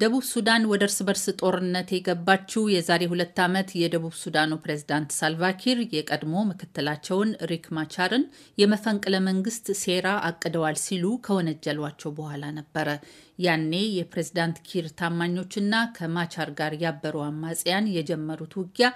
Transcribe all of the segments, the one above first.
ደቡብ ሱዳን ወደ እርስ በርስ ጦርነት የገባችው የዛሬ ሁለት ዓመት የደቡብ ሱዳኑ ፕሬዝዳንት ሳልቫኪር የቀድሞ ምክትላቸውን ሪክ ማቻርን የመፈንቅለ መንግስት ሴራ አቅደዋል ሲሉ ከወነጀሏቸው በኋላ ነበረ። ያኔ የፕሬዝዳንት ኪር ታማኞችና ከማቻር ጋር ያበሩ አማጽያን የጀመሩት ውጊያ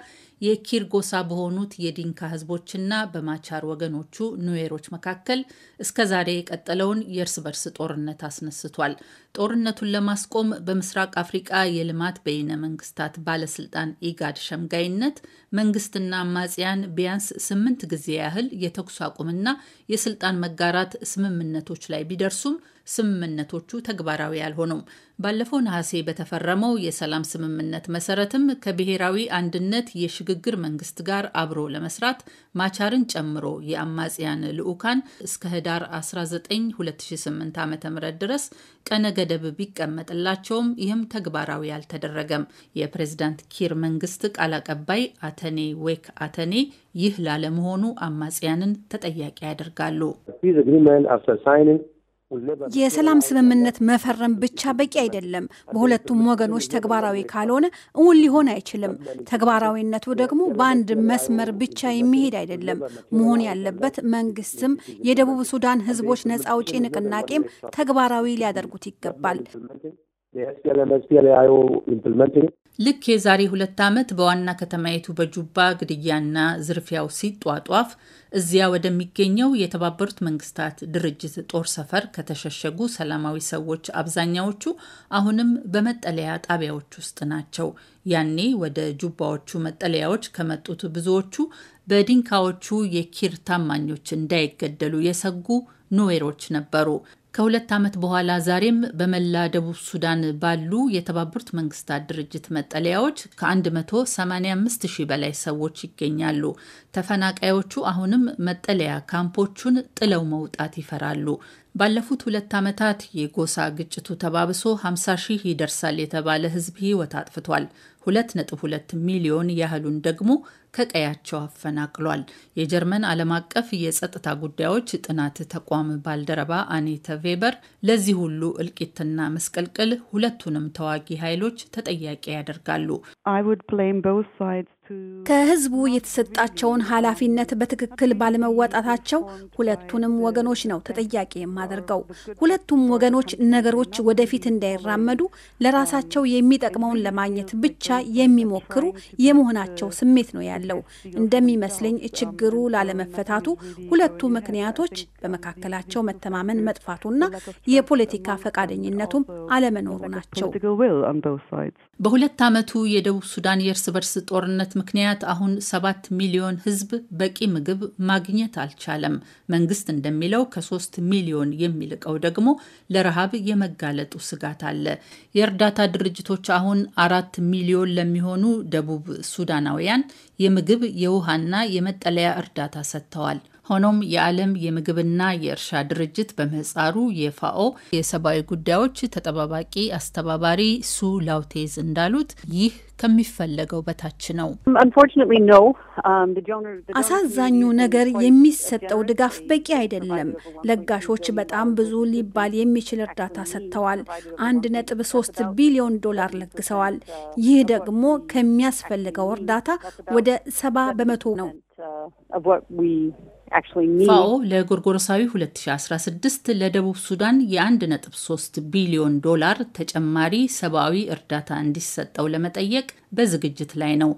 የኪር ጎሳ በሆኑት የዲንካ ህዝቦችና በማቻር ወገኖቹ ኑዌሮች መካከል እስከዛሬ የቀጠለውን የእርስ በርስ ጦርነት አስነስቷል። ጦርነቱን ለማስቆም በምስራቅ አፍሪቃ የልማት በይነ መንግስታት ባለስልጣን ኢጋድ ሸምጋይነት መንግስትና አማጽያን ቢያንስ ስምንት ጊዜ ያህል የተኩስ አቁምና የስልጣን መጋራት ስምምነቶች ላይ ቢደርሱም ስምምነቶቹ ተግባራዊ ያልሆነው። ባለፈው ነሐሴ በተፈረመው የሰላም ስምምነት መሰረትም ከብሔራዊ አንድነት የሽግግር መንግስት ጋር አብሮ ለመስራት ማቻርን ጨምሮ የአማጽያን ልዑካን እስከ ህዳር 19 2008 ዓ ም ድረስ ቀነ ገደብ ቢቀመጥላቸውም ይህም ተግባራዊ አልተደረገም። የፕሬዝዳንት ኪር መንግስት ቃል አቀባይ አተኔ ዌክ አተኔ ይህ ላለመሆኑ አማጽያንን ተጠያቂ ያደርጋሉ። የሰላም ስምምነት መፈረም ብቻ በቂ አይደለም። በሁለቱም ወገኖች ተግባራዊ ካልሆነ እውን ሊሆን አይችልም። ተግባራዊነቱ ደግሞ በአንድ መስመር ብቻ የሚሄድ አይደለም። መሆን ያለበት መንግስትም የደቡብ ሱዳን ህዝቦች ነጻ አውጪ ንቅናቄም ተግባራዊ ሊያደርጉት ይገባል። ልክ የዛሬ ሁለት ዓመት በዋና ከተማይቱ በጁባ ግድያና ዝርፊያው ሲጧጧፍ እዚያ ወደሚገኘው የተባበሩት መንግስታት ድርጅት ጦር ሰፈር ከተሸሸጉ ሰላማዊ ሰዎች አብዛኛዎቹ አሁንም በመጠለያ ጣቢያዎች ውስጥ ናቸው። ያኔ ወደ ጁባዎቹ መጠለያዎች ከመጡት ብዙዎቹ በዲንካዎቹ የኪር ታማኞች እንዳይገደሉ የሰጉ ኑዌሮች ነበሩ። ከሁለት ዓመት በኋላ ዛሬም በመላ ደቡብ ሱዳን ባሉ የተባበሩት መንግስታት ድርጅት መጠለያዎች ከ185 ሺህ በላይ ሰዎች ይገኛሉ። ተፈናቃዮቹ አሁንም መጠለያ ካምፖቹን ጥለው መውጣት ይፈራሉ። ባለፉት ሁለት ዓመታት የጎሳ ግጭቱ ተባብሶ 50 ሺህ ይደርሳል የተባለ ሕዝብ ሕይወት አጥፍቷል። 2.2 ሚሊዮን ያህሉን ደግሞ ከቀያቸው አፈናቅሏል። የጀርመን ዓለም አቀፍ የጸጥታ ጉዳዮች ጥናት ተቋም ባልደረባ አኔተ ቬበር ለዚህ ሁሉ እልቂትና መስቀልቅል ሁለቱንም ተዋጊ ኃይሎች ተጠያቂ ያደርጋሉ። ከህዝቡ የተሰጣቸውን ኃላፊነት በትክክል ባለመወጣታቸው ሁለቱንም ወገኖች ነው ተጠያቂ የማደርገው። ሁለቱም ወገኖች ነገሮች ወደፊት እንዳይራመዱ ለራሳቸው የሚጠቅመውን ለማግኘት ብቻ የሚሞክሩ የመሆናቸው ስሜት ነው ያለው። እንደሚመስለኝ ችግሩ ላለመፈታቱ ሁለቱ ምክንያቶች በመካከላቸው መተማመን መጥፋቱና የፖለቲካ ፈቃደኝነቱም አለመኖሩ ናቸው። በሁለት ዓመቱ የደቡብ ሱዳን የእርስ በርስ ጦርነት ምክንያት አሁን ሰባት ሚሊዮን ህዝብ በቂ ምግብ ማግኘት አልቻለም። መንግስት እንደሚለው ከሶስት ሚሊዮን የሚልቀው ደግሞ ለረሃብ የመጋለጡ ስጋት አለ። የእርዳታ ድርጅቶች አሁን አራት ሚሊዮን ለሚሆኑ ደቡብ ሱዳናውያን የምግብ የውሃና የመጠለያ እርዳታ ሰጥተዋል። ሆኖም የዓለም የምግብና የእርሻ ድርጅት በምህፃሩ የፋኦ የሰብአዊ ጉዳዮች ተጠባባቂ አስተባባሪ ሱ ላውቴዝ እንዳሉት ይህ ከሚፈለገው በታች ነው። um, አሳዛኙ ነገር የሚሰጠው ድጋፍ በቂ አይደለም። ለጋሾች በጣም ብዙ ሊባል የሚችል እርዳታ ሰጥተዋል። አንድ ነጥብ ሶስት ቢሊዮን ዶላር ለግሰዋል። ይህ ደግሞ ከሚያስፈልገው እርዳታ ወደ ሰባ በመቶ ነው። ፋኦ ለጎርጎረሳዊ 2016 ለደቡብ ሱዳን የ1.3 ቢሊዮን ዶላር ተጨማሪ ሰብአዊ እርዳታ እንዲሰጠው ለመጠየቅ በዝግጅት ላይ ነው።